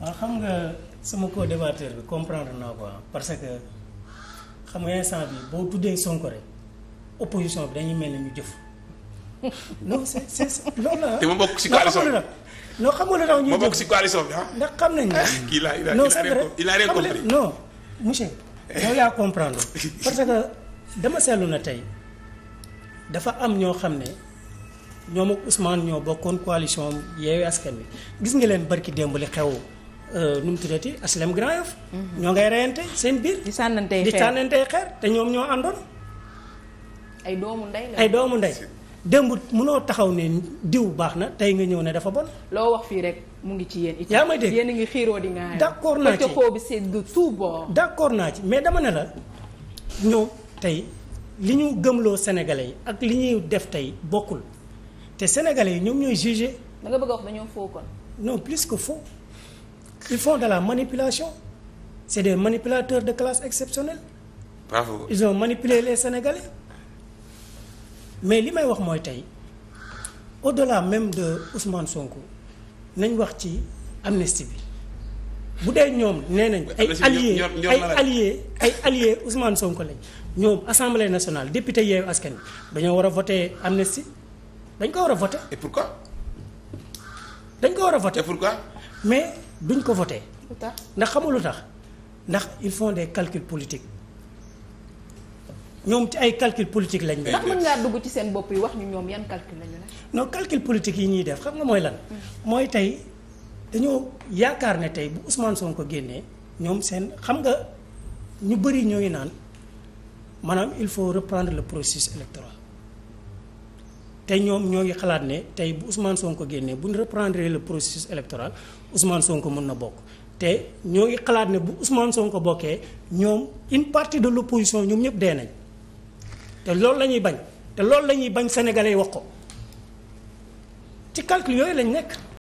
waaw xam nga sama co-débatteur bi comprendre naa ko parce que xam nga instant bi boo tuddee Sonko rek opposition bi dañuy mel ni ñu jëf non c'est c'est loolu la. te ma bokk si coalition bi xam nga lu tax ñuy jëf ah. ndax xam nañ ne. kii laa il a il a rien compris non monsieur. yow yaa comprendre parce que dama seetlu na tey dafa am ñoo xam ne ñoom ak Ousmane ñoo bokkoon coalition Yewwi Askan Wi gis nga leen barki démb li xew. Euh, nu mu tuddati HLM Grand Yoff. Mhm. ñoo ngay reyante seen biir. di sànnantey xeer di sànnantey xeer te ñoom ñoo àndoon. ay doomu ndey la ay doomu ndey. démb mënoo taxaw ne diw baax na tey nga ñëw ne dafa bon. loo wax fii rek mu ngi ci yéen. yaa may dégg yéen ngi xiiroo di nga. naa ci bi c'est de tout bord. naa ci mais dama ne la ñoom tey li ñu gëmloo sénégalais yi ak li ñuy def tey bokkul te sénégalais yi ñoom ñooy jugé. da nga bëgg a wax dañoo faux kon. non plus que faux. il faut de la manipulation c'est des manipulateur de classe exceptionnelle bravo ils ont manipulé les Sénégalais mais li may wax mooy tey au la même de Ousmane Sonko nañ wax ci amnistie bi bu dee ñoom nee nañ ay alliés ay alliés ay alliés Ousmane Sonko lañ ñoom assemblée nationale député yeewu askan bi dañoo war a voter amnistie dañ ko war a voter pour pourquoi dañ ko war a voter et pourquoi duñ ko voté. ndax xamul lu tax ndax il faut des calculs politiques ñoom ci ay calcul politique lañ. ndax mën ngaa dugg ci seen bopp yi wax ñu ñoom yan calcul lañu ne. non calcul politique yi ñuy def xam nga mooy lan. Mm. mooy tey dañoo yaakaar ne tey bu Ousmane ko génnee ñoom seen xam nga ñu bëri ñooy naan maanaam il faut reprendre le processus électoral. tey ñoom ñoo ngi xalaat ne tey bu Ousmane Sonko génnee bu ñu reprendre le processus électoral Ousmane Sonko mën na bokk te ñoo ngi xalaat ne bu Ousmane Sonko bokkee ñoom une partie de l'opposition ñoom ñëpp dee nañ te loolu la ñuy bañ te loolu la ñuy bañ sénégalais wax ko ci calcul yooyu lañ nekk.